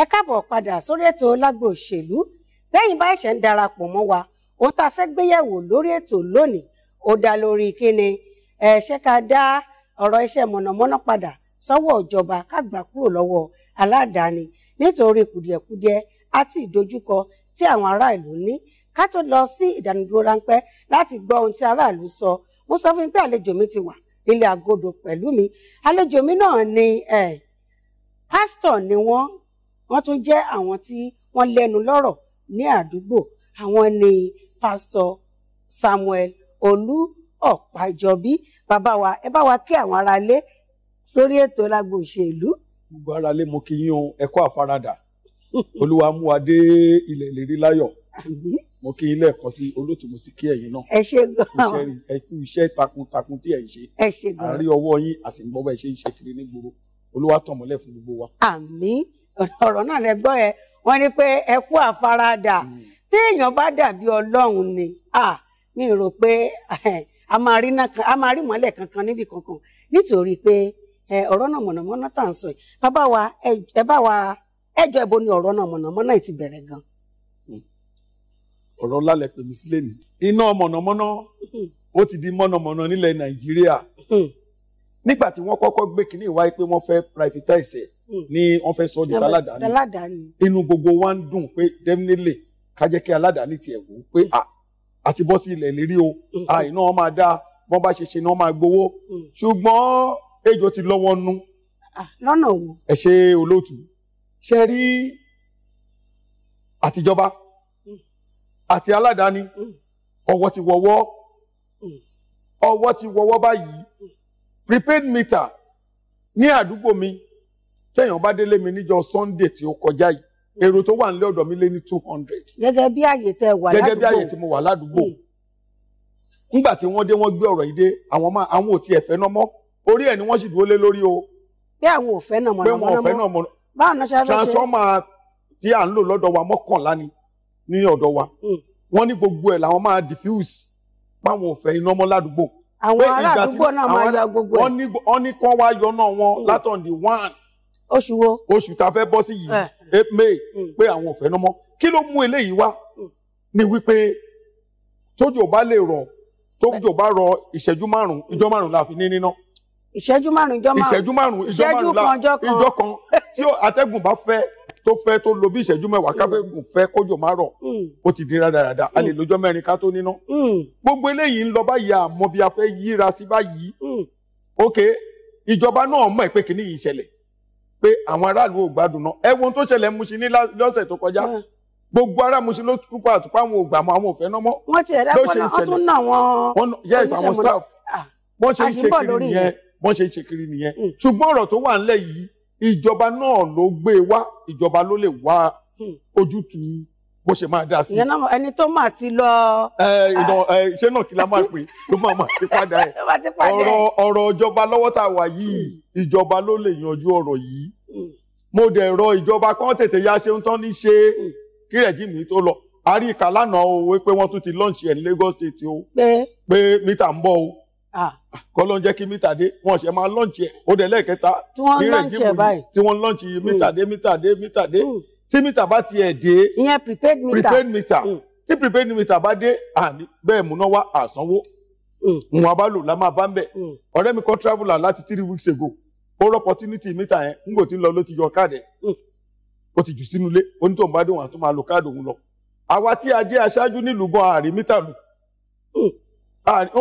ẹ káàbọ̀ padà sórí ètò lágbo òṣèlú bẹ́yìn bá ẹ̀ṣẹ̀ ń darapọ̀ mọ́ wa ohun tá a fẹ́ gbéyẹ̀wò lórí ètò lónìí ó dá lórí kíni ẹ ṣe ká dá ọ̀rọ̀ iṣẹ́ mọ̀nàmọ́ná padà sọ́wọ́ ìjọba ká gbà kúrò lọ́wọ́ aládàáni nítorí kùdìẹ̀kudiẹ àti ìdojúkọ tí àwọn aráàlú ní ká tó lọ sí ìdánidúró ráńpẹ́ láti gbọ́ ohun tí aráàlú sọ mo sọ fún pé àlejò mi ti wà nílé agodo pẹ̀lú mi àlejò mi náà ni pásítọ̀ ni wọ́n wọ́n tún jẹ́ àwọn tí wọ́n lẹ́nu lọ́rọ̀ ní àdúgbò àwọn ni pásítọ̀ Samuel Olú Ọ̀pájọbí bàbá wa ẹ bá wa kí àwọn aráalé sórí ètò lágbo òṣèlú. gbogbo aráalé mo kí yín o ẹ kú àfaradà olúwa mú wa dé ilẹ̀ ìlérí láyọ̀ mo kí ilé ẹ̀kọ́ sí olóòtú mo sì kí ẹ̀yin náà. ẹ ṣe gan-an ẹ kú iṣẹ́ takuntakun tí ẹ̀ ń ṣe. ẹ ṣe gan-an àárí ọwọ́ yín àsìgbọ́n bá ẹ ṣe ń ṣe kiri nígboro olúwa tọ̀mọ́lẹ̀ fún gbogbo wa. àmín ọ̀rọ̀ náà lẹ gbọ́ ẹ wọ́n ní pé ẹ kú àfaradà mm. téèyàn bá dàbí ọlọ́run ni mi rò pé eh, a máa rí mọ́lẹ̀ kankan níbi kankan nítorí pé eh, ọ̀rọ̀ náà mọ̀nàmọ́ná tà ń sọ yìí bàbá wa ẹ bá wa ẹjọ́ ìbò ni ọ̀rọ̀ náà mọ̀nàmọ́ná ti bẹ̀rẹ̀ gan. Hmm. ọ̀rọ̀ lálẹ́ pè mí sílẹ̀ ni iná mọ̀nàmọ́ná hmm. ó ti di mọ̀nàmọ́ná nílẹ̀ nàìjíríà hmm. nígbà tí wọ́n kọ́kọ́ gbé kínní ìwáyé pé wọ́n fẹ́ privatize ẹ̀ Hmm. ní wọ́n fẹ́ sọ di aládàáni inú gbogbo wa ń dùn pé definitely ká jẹ́ kí aládàáni tiẹ̀ wò ó pé àti ah, bọ́ sí ilẹ̀ lérí o àìná hmm. ah, wọn máa dá wọn bá ṣe ṣe ni wọn máa gbowó hmm. ṣùgbọ́n ejò ti lọ́wọ́ nú. Ah, lọ́nà wo. ẹ ṣe olóòtú ṣe rí àtijọba àti aládàáni ọwọ́ ti wọ́wọ́ ọwọ́ ti wọ́wọ́ báyìí prepaid meter ní àdúgbò mi tẹ̀yàn bá délé mi níjọ́ Sunday tí ó kọjá yìí èrò tó wà nílé ọ̀dọ̀ mi lé ní two hundred. gẹ́gẹ́ bí àyè tẹ wà ládùúgbò gẹ́gẹ́ bí àyè tí mo wà ládùúgbò. Hmm. nígbà tí wọ́n dé wọ́n gbé ọ̀rọ̀ yìí dé àwọn máa àwọn ò tiẹ̀ fẹ́ náà mọ́ orí ẹ̀ ni wọ́n sì dúró lé lórí o. pé àwọn ò fẹ́ náà mọ̀ náà mọ̀ báwo ni ṣe transformer tí à ń lò lọ́dọ̀ wa mọ́kànlá ni ní ọ̀dọ̀ wa hmm. wọ́n ní gbogbo ẹ̀ làwọn máa diffuse báwọn ò fẹ́ iná mọ́ ládùúgbò. àwọn ará àdúgbò náà máa yọ gbogbo ẹ̀. wọ́n ní kán wá yọ náà wọn hmm. látọ̀ndì one oṣù wo oṣù tá a fẹ́ bọ́ sí yìí eh. Eh, may hmm. pé àwọn ò fẹ́ ná mọ́ kí ló mú eléyìí wá hmm. ni wípé tójò bá lè rọ̀ tójò bá rọ̀ ìṣẹ́jú márùn-ún hmm. ìjọ márùn-ún la fi ní níná ìṣẹ́jú márùn ìjọ márùn ìṣẹ́jú márùn ìjọ márùn la ìjọ kan tí atẹ́gùn bá fẹ́ tó fẹ́ tó lo bí ìṣẹ́jú mẹ́wàá káfẹ́gùn fẹ́ kójò má rọ̀ ó ti di rádaràda a lè lójọ́ mẹ́rin ká tó níná gbogbo eléyìí ń lọ báyìí àmọ́ bí a fẹ́ yíra sí báyìí ok ìjọba náà mọ̀ pé kìíní yìí ṣẹlẹ̀ pé àwọn aráàlú ò gbádùn náà ẹ wo ohun tó ṣẹlẹ̀ Mùṣín ní lọ́sẹ̀ tó kọjá gbogbo ará Mùṣín ló túpọ àtúpọ àwọn ògbà mọ àwọn òfẹ náà mọ. wọ́n ti ẹ̀dá pọ̀ náà wọ́n tún ná wọn. yes àwọn staff ah, wọ́n ṣe ń ṣe kiri nìyẹn wọ́n ṣe ń ṣe kiri nìyẹn hmm. ṣùgbọ́n ọ̀rọ̀ tó wà ńlẹ̀ yìí ìjọba náà ló gbé e wá ìjọba ló lè wá hmm. ojútùú bó ṣe máa dá sí. ìyẹn náà ẹni tó máa ti lọ. ẹ ìdán ẹ ṣé náà kí la máa pè tó máa máa ti padà ẹ ọ̀rọ̀ ọ̀rọ̀ ìjọba lọ́wọ́ tá a wà yìí ìjọba ló lè yanjú ọ̀rọ̀ yìí mo dẹ̀ rọ ìjọba kan tètè ya ṣe ń tán ní ṣe kí rẹ̀jìmì tó lọ àárí ìka lánàá pé wọ́n tún ti launch ẹ̀ ní Lagos State o pé mítà ń bọ̀ o kọ́ ló ń jẹ́ kí mítà dé wọ́n ṣe máa launch ẹ̀ ó dẹ̀ lẹ́ẹ̀kẹta kí rẹ̀jìmì tí wọ́n launch mítà dé mítà dé mítà dé hmm tí mítà bá tiẹ̀ dé ìyẹn prepaid mítà prepaid mítà mm. tí prepaid mítà bá dé àní bẹ́ẹ̀ múná wá àsanwó wọn mm. a bá lò la máa bá ń bẹ̀ mm. ọ̀rẹ́ mi kọ́ traveller láti three weeks ago ó rọ opportunity mítà yẹn nígbà tí ń lọ ló ti yọ káàdì ẹ̀ ó ti jù sínú ilé onítọ̀hún bá dé wọn àti máa lo káàdì òun lọ àwa tí a jẹ́ aṣáájú nílùú gan àrí mítà lù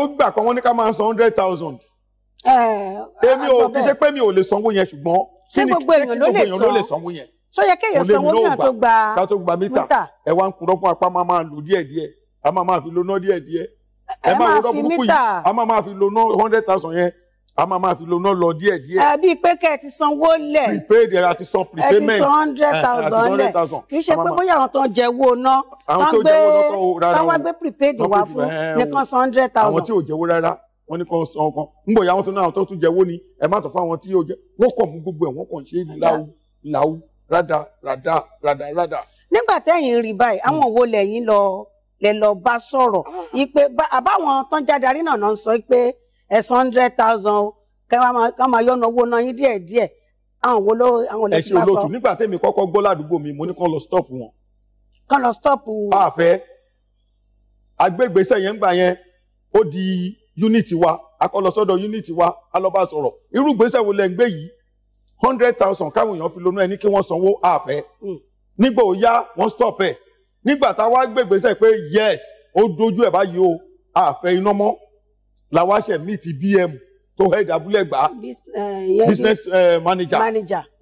ó gbà kan wọ́n ní ká máa san hundred thousand eh, èmi ò kí ṣe pé mi ò lè sanwó yẹn ṣùgbọ́n kí ni kí gbogbo èèyàn ló lè sanwó so yẹ kéèyàn sanwó náà tó gba ká tó gba mítà ẹ wá ń kúrọ fún apá máa máa lò díẹ̀ díẹ̀ a máa máa fi lo náà díẹ̀ ẹ máa fi burúkú a máa máa fi lo hundred thousand yẹn a máa máa fi lo náà lọ díẹ̀ díẹ̀. àbí pé kẹ́ ẹ ti sanwó lẹ̀ prepaid ẹ ti san prepayment ẹ eh, ti san hundred thousand lẹ̀ kì í ṣe pé bóyá àwọn tó ń jẹ owó náà tán gbé tán wá gbé prepaid wá fún nìkan san hundred thousand. àwọn tí ò jẹ́wọ́ rárá wọ́n ní kan san ọkàn ń bọ̀ ìyá wọn tó náà tó tún jẹ́wọ́ ni ẹ má tọ̀ fún àwọn tí yóò jẹ́ wọ́n kàn mú gbogbo ẹ̀ wọ́n kàn ṣe é láwù láwù rádà rádà rádà rádà. nígbà tẹ́yìn rí báyìí àwọn hmm. wo lẹ́yìn lọ lẹ lọ bá sọ̀rọ̀ ipe ah. àbáwọn tán jádarí náà náà sọ pé ẹ̀sán hundred thousand kẹ́ máa yọ̀nà owó náà yín díẹ̀díẹ̀ àwọn wo ló àwọn lè ti bá sọ. ẹ ṣe olóòtú nígbà tẹ́mi kọ́kọ́ gbọ́ ládùúgbò mi mo ní kàn lọ stop wọn. kàn lọ stop. a fẹ́ agbẹ́gbẹ́sẹ̀ yẹn ń gbà yẹn ó di unit wa a kọ́ unit wa a lọ irú gbèsè wo lẹ ń gbé yìí hundred thousand káwọn èèyàn fi lonú ẹ ní kí wọ́n sanwó àfẹ́ hmm. nígbà ó yá wọ́n stop ẹ̀ nígbà tá a wá gbègbèsẹ̀ pé yes ó dojú ẹ̀ báyìí o àfẹ́ iná mọ́ làwa ṣe meet BM tó head abúlẹ̀gbá eh, business uh, manager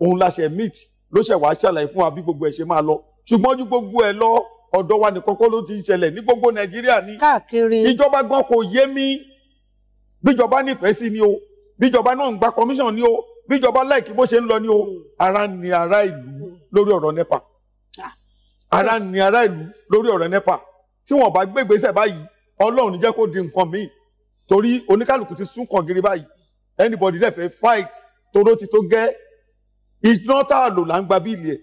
òun la meet ló ṣe wàá ṣàlàyé fún wa bí gbogbo ẹ̀ ṣe máa lọ ṣùgbọ́n ju gbogbo ẹ̀ lọ ọ̀dọ̀ wa nìkan kọ́ ló ti ń ṣẹlẹ̀ ní gbogbo Nàìjíríà ni káàkiri ìjọba gan kò yé mi bíjọba nífẹ̀ẹ́ sí ni o bíjọba náà ń gba commission ni o bíjọba láìkí bó ṣe ń lọ ní o ara ni ara ìlú lórí ọ̀rọ̀ nepa ah. ara ni ara ìlú lórí ọ̀rọ̀ nepa tí wọ́n bá gbé ìgbésẹ̀ báyìí ọlọ́run ní jẹ́ kó di nǹkan míì torí oníkálukú ti sún kàn gírí báyìí anybody dẹ̀ fẹ́ fight toró ti tó gẹ́ iná tá a lò là ń gba bíìlì ẹ̀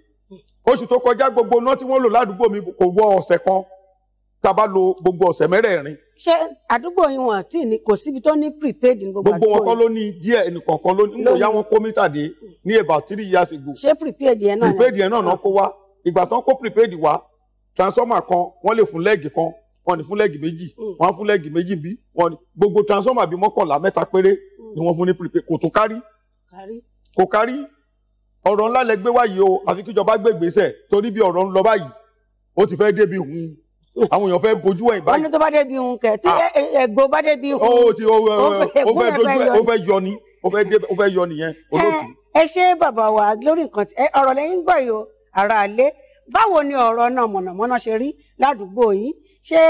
oṣù tó kọjá gbogbo iná tí wọ́n lò ládùúgbò mi kò wọ ọ̀sẹ̀ kan tá a bá lò gbogbo ọ̀sẹ̀ mẹ́rẹ̀ẹ̀rin ṣé àdúgbò yín wọn àti ní kò síbi tó ní prepaid ní gbogbo àdúgbò yín. gbogbo wọn kọ́ ló ní díẹ̀ ẹnìkọ̀ọ̀kan ló ní ń bóyá wọn kó mítà dé ní about three years ago. ṣé prepaid yẹn náà prepaid yẹn náà náà kó wá ìgbà tán kó prepaid wá transformer kan wọ́n lè fún lẹ́ẹ̀gì kan wọ́n ní fún lẹ́ẹ̀gì méjì hmm. wọ́n fún lẹ́ẹ̀gì méjì bí wọ́n ní gbogbo transformer bíi mọ́kànlá mẹ́ta péré ni wọ́n fún ní prepaid kò tún kárí kò kárí ọ̀rọ̀ ńlá lẹ gbé wáyé o àfi kíjọba gbé torí bí ọ̀rọ̀ ń lọ báyìí ó ti fẹ́ débi òun Oh, àwọn èèyàn fẹ́ bojú ẹ̀yìn báyìí. wọ́n tó bá dé bí ihun kẹ̀ tí ah. ẹ̀gbọ́n bá dé bí ihun. ó oh, oh, fẹ́ yọ ni ó fẹ́ yọ nìyẹn olóòtú. ẹ ṣe bàbá wa lórí nǹkan tí ọ̀rọ̀ lẹ́yìn gbọ́ yìí o ara àlẹ́ báwo ni ọ̀rọ̀ náà mọ̀nàmọ́ná ṣe rí ládùúgbò yín ṣé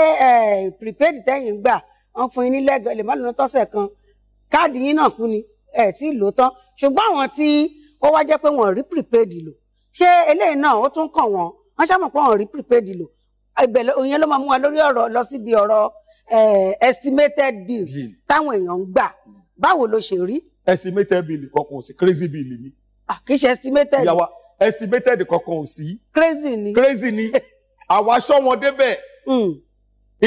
prepaid tẹ́yìn gbà wọ́n fún yín ní lẹ́gàn lè má lọ́nà tọ́sẹ̀ kan káàdì yín náà kú ni ẹ̀ tí ì lò tán ṣùgbọ́n àwọn tí ó wá jẹ́ pé wọ́n rí prepaid lò ṣé eléyìí náà ó tún kàn wọ́n wọ́n ṣàmọ̀ pé rí prepaid lò ibẹ̀ òyìn ló máa mú wa lórí ọ̀rọ̀ lọ síbi ọ̀rọ̀ eh, estimated bill táwọn èèyàn ń gbà báwo ló ṣe rí. estimated bill kankan ò sí crazy bill ni. Ah, kì í ṣe estimated. ìyàwó estimated kankan ò sí. crazy ni. crazy ni àwa aṣọ wọn débẹ̀. Hmm.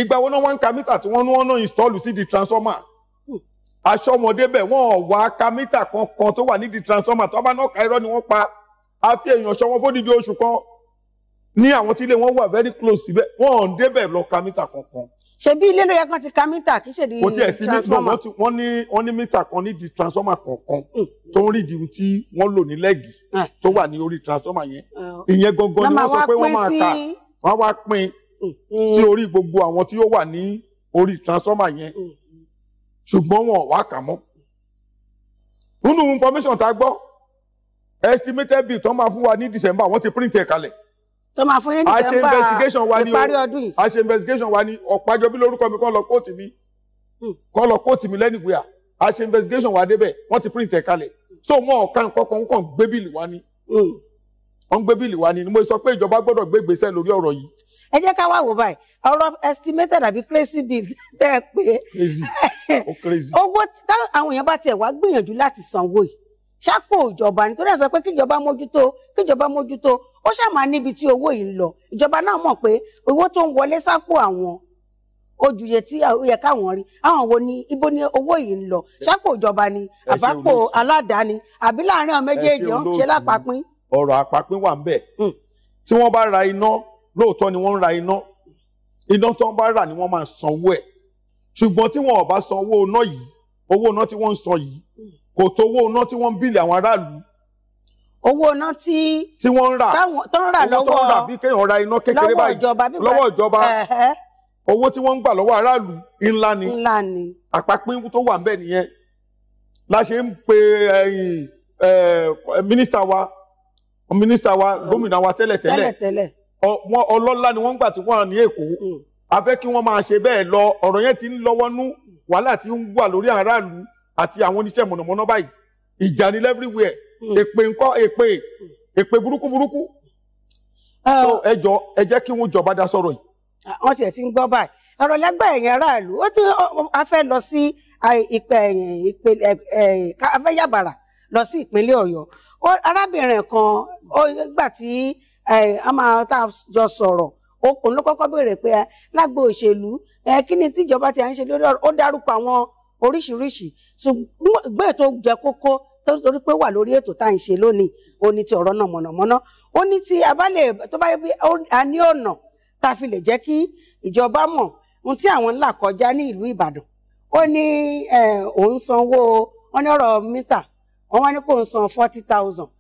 ìgbà wo náà wọ́n ń ka mítà tí wọ́n ní wọ́n náà install sí di transformer. Hmm. aṣọ wọn débẹ̀ wọ́n ò wá ka mítà kankan tó wà nídìí transformer tó bá náà ka ni wọ́n pa. a fi èèyàn ṣọ wọn fódìdí oṣù kan ní àwọn tí ilé wọn wà very close síbẹ̀ wọn ò ń débẹ̀ lọ ka mítà kankan. ṣebí ilé ló yẹ kán ti ka mítà kí ṣèdí transformer. kò tiẹ̀ sí ní wọ́n ní wọ́n ní mítà kan di transformer kankan hmm, tó ń rí di ohun tí wọ́n lò ní lẹ́gì eh. tó wà ní orí transformer yẹn eh, ìyẹn gangan ni wọ́n sọ pé wọ́n máa ta wọ́n wá pín hmm. sí orí gbogbo àwọn tí ó wà ní orí transformer yẹn hmm. ṣùgbọ́n wọn ò wá kà mọ́. nínú information tá a gbọ́ estimated bill tó máa fún wa ní December wọ́n ti print ẹ̀ kalẹ̀ tó máa fún yín ní sẹ́ńbà ọdún yìí. a ṣe investigation wa ni ọ̀pájọ bí lórúkọ mi kọ́ lọ kóòtù mi hmm. kọ́ lọ kóòtù mi lẹ́nìgbìyà a ṣe investigation wa débẹ̀ wọ́n ti print ẹ̀ kalẹ̀ so wọn ọ̀ka nǹkan kan gbé bíìlì wa ni hmm. wọ́n gbé bíìlì wa ni ni mo sọ pé ìjọba gbọ́dọ̀ gbé ìgbésẹ̀ lórí ọ̀rọ̀ yìí. ẹ jẹ́ ká wá wò báyìí ọ̀rọ̀ estimated àbí crazy bill tẹ́ ẹ pé owó táwọn èèyàn bá tiẹ̀ wá gbìyànjú láti sanwó yìí sápò ìjọba nítorí ẹ sọ pé kíjọba mójútó kíjọba mójútó ó ṣàmà níbi tí owó yìí ń lọ ìjọba náà mọ̀ pé owó tó ń wọlé sápò àwọn ó ju iye tí ó yẹ káwọn rí àwọn wo ni ibo ni owó yìí ń lọ sápò ìjọba ni àbápò aládàáni àbí láàrin àwọn méjèèjì ó ń ṣe lápapín. ọ̀rọ̀ àpapín wà ń bẹ̀ hmm. tí wọ́n bá ra iná lóòótọ́ ni wọ́n ń ra iná iná tó ń bá rà ni wọ́n máa sanwó ẹ̀ ṣùgbọ́n tí wọn ò bá sanwó iná yìí owó iná tí wọ́n ń san yìí kò tó owó iná tí wọ́n ń bílì àwọn aráàlú. owó iná tí. tí wọ́n ń rà tó ń rà lọ́wọ́ owó tó ń rà bí kéèyàn ra iná kékeré báyìí lọ́wọ́ ìjọba owó tí wọ́n ń gbà lọ́wọ́ aráàlú ńlá ni ńlá ni àpapín tó wà ń bẹ̀ nìyẹn la ṣe ń pe eh, eh, mínísítà wa mínísítà wa hmm. gómìnà wa tẹ́lẹ̀tẹ́lẹ̀ ọlọ́lá ni wọ́n ń gbà tí wọ́n ní èkó hmm. a fẹ́ kí wọ́n máa ṣe bẹ́ẹ̀ lọ ọ̀rọ̀ yẹn ti ń lọ́wọ́nú wàhálà ti ń wà lórí aráàlú àti àwọn oníṣẹ́ mọ̀nàmọ́ná báyìí ìjà ni everywhere hmm. èpè ńkọ́ èpè hmm. èpè burúkú burúkú ah. so ẹ jọ ẹ jẹ́ kí wọ́n jọba dá sọ̀rọ̀ yìí. Ah, wọ́n tiẹ̀ ti ń gbọ́ báyìí ọ̀rọ̀ lẹ́gbẹ̀ẹ́ ẹ̀yìn aráàlú ó tún a fẹ́ lọ sí ìpè afẹ́yàbàrà lọ sí ìpínlẹ̀ ọ̀yọ́ arábìnrin kan ó gbà tí a máa tá a jọ sọ̀rọ̀ òun ló kọ́kọ́ béèrè pé lágbo òṣèlú kí ni tíjọba ti à ń ṣe lórí ọ̀rọ̀ ó dárúkọ àwọn oríṣiríṣi ṣùgbọ́n ètò jẹ kókó torí pé wà lórí ètò tá à ń ṣe lónìí ó ní ti ọ̀rọ̀ náà mọ̀nàmọ́ná ó ní ti abálẹ̀ tó bá yẹ bí a ní ọ̀nà tá a fi lè jẹ́ kí ìjọba mọ̀ ohun tí àwọn ń kọjá ní ìlú Ìbàdàn ó ní òun sanwó wọn ní ọ̀rọ̀ mítà wọn wá ní kó n san forty thousand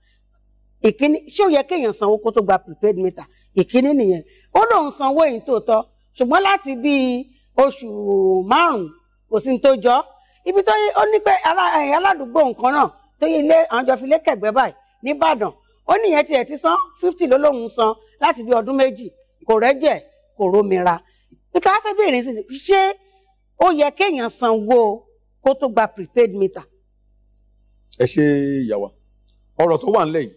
ìkíní ṣé ó yẹ kéèyàn sanwó kó tó gba prepaid mítà ìkíní nìyẹn ó lóun sanwó èyí tó tọ́ ṣùgbọ́n láti bíi oṣù márùn-ún kò sí ní tó jọ ibi tó ó ní pé aládùúgbò nǹkan náà tó yẹ ilé àwọn jọ fi lé kẹ̀gbẹ́ báyìí nìbàdàn ó nìyẹn tiẹ̀ ti san fifty ló lóun san láti bí ọdún méjì kò rẹ́jẹ̀ kò rómira níta fẹ́ bèèrè sí ni ṣé ó yẹ kéèyàn sanwó kó tó gba prepaid meter. ẹ ṣe ìyàwó ọ̀rọ̀ tó wà ńlẹ̀ yìí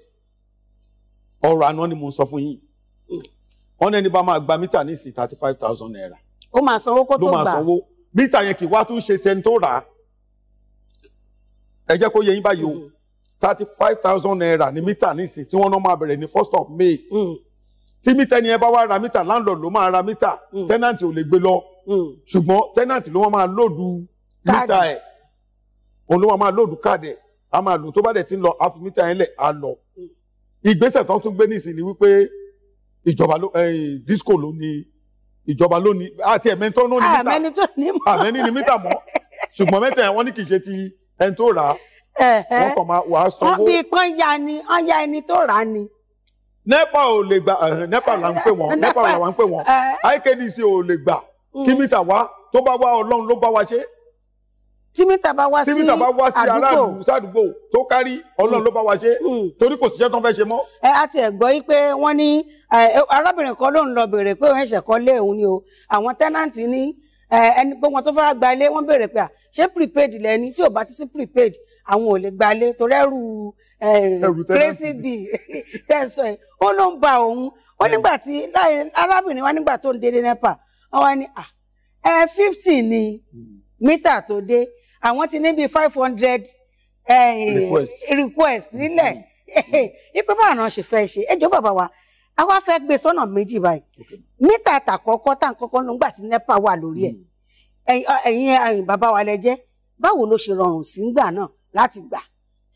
ọ̀rọ̀ àná ni mo sọ fún yín wọn ní ẹni bá máa gba mítà ní ìsìn thirty five thousand naira. ó máa sanwó kó tó gbà ló máa sanwó mítà yẹn kì wá tún ṣe tẹni tó rà á ẹ jẹ́ kó yẹ yín báyìí o mm-hmm. thirty five thousand naira ní mítà nísìn tí wọ́n náà máa bẹ̀rẹ̀ ní first of may mm. tí mítà ẹni yẹn bá wá ra mítà landlord ló máa ra mítà mm. tenant ò lè gbé lọ mm. ṣùgbọ́n tenant ló wọ́n máa lòdù mítà ẹ̀ òun ló wọ́n máa lòdù káàdì ẹ̀ a máa lò tó bá dẹ̀ ti ń lọ àfi mítà yẹn lẹ̀ á lọ ìgbésẹ̀ tó tún gbé nísìn ni wípé ìjọba eh, disco ló ní ìjọba lónìí àti ẹ̀mẹ́ni tó ní mítà àmẹ́ni tó ní mọ́ àmẹ́ni ní mítà mọ́ ṣùgbọ́n mẹ́tẹ̀ wọn ní kì í ṣe ti ẹni tó rà á wọ́n kàn máa wàá sanwó. wọ́n bí pọ́n ya ni wọ́n ya ẹni tó rà á ni. nepa ò lè gbà nepa là ń pè wọ́n nepa là wà ń pè wọ́n ikdc ò lè gbà kí mm. mítà wá tó bá wá ọlọ́run ló bá wa ṣe tí mítà bá wá sí àdúgbò tí mítà bá wá sí aráàlú sádùúgbò tó kárí ọlọ́run ló bá wa ṣe hmm. torí kò síṣẹ́ tó ń fẹ́ ṣe mọ́. ẹ a tiẹ̀ gbọ́ yí pé wọ́n ní arábìnrin kan ló ń lọ bèrè pé òun ẹ̀ṣẹ̀ kan lé òun ni o àwọn tẹ́nàntì ní ẹni pé wọn tó fẹ́ gba ilé wọ́n bèrè pé ṣé prepaid lẹ́ni tí ò bá ti sí prepaid àwọn ò lè gba ilé torí ẹrù crazy b tẹ̀sán ẹ̀ ó ló ń ba òun ó hmm. nígbà tí arábìnrin wa nígbà tó ń délé nepa wọ́n wá ní ẹ fifty ni hmm. mítà tó dé àwọn ti ní bíi five hundred eh, request nílẹ̀ mm-hmm. ipe bá àrùn ṣe fẹ́ ṣe ẹjọ́ bàbá wa a wá fẹ́ gbé sọ́nà méjì báyìí mítà àtàkọ́kọ́ tá à ń kọ́kọ́ ló ń gbà tí nepa wà lórí ẹ̀ mm-hmm. ẹ̀yin bàbá wa lẹ jẹ́ báwo ló ṣe rọrùn sí ngbà náà láti gbà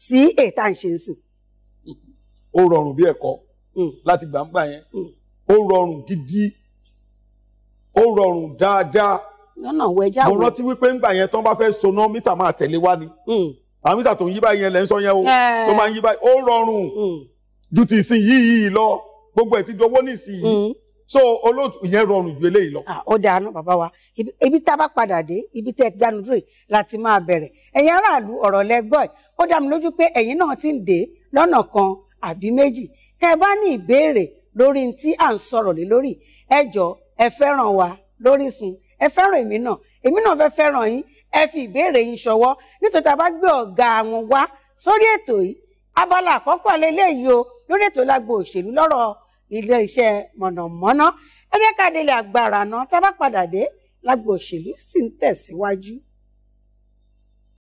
sí ètà ń ṣe ń sìn. ó rọrùn bí ẹ̀kọ́ mm. láti gbà ń gbà yẹn mm. ó rọrùn gidi ó rọrùn dáadáa lọ́nà òwe jáwé. mo rántí wípé ńgbà yẹn tó ń bá fẹ́ soná mítà máa tẹ̀lé wá ni hmm. àwọn mítà tó ń yí báyìí yẹn lẹ́ ń sọ yẹn o tó máa ń yí báyìí ó rọrùn hmm. ju ti ìsìn yìí yìí lọ gbogbo ẹ̀ ti dọwọ́ ní ìsìn yìí hmm. so olóòtú ìyẹn rọrùn ju eléyìí lọ. Ah, ó dáná bàbá wa ibi tá a bá padà dé ibi tẹ́ ẹ ti dánu dúró yìí láti máa bẹ̀rẹ̀ ẹ̀yin aráàlú ọ̀rọ̀ lẹ́gbọ́ ẹ̀ ó dá mi lójú pé ẹ̀yin náà ti ń dé lọ́nà kan àbí méjì tẹ́ ẹ bá ní ìbéèrè lórí tí à ń sọ̀rọ̀ lé lórí ẹ ẹ fẹ́ràn wa lórí Orísun ẹ fẹ́ràn èmi náà èmi náà fẹ́ fẹ́ràn yín ẹ fi ìbéèrè yín ṣọwọ́ nítorí tá a bá gbé ọ̀gá àwọn wá sórí ètò yìí abala àkọ́kọ́ alẹ́ eléyìí o lórí ètò lágbo òṣèlú lọ́rọ̀ ilé iṣẹ́ mọ̀nàmọ́ná ẹ jẹ́ ká délé agbára náà tá a bá padà dé lágbo òṣèlú sì ń tẹ̀síwájú.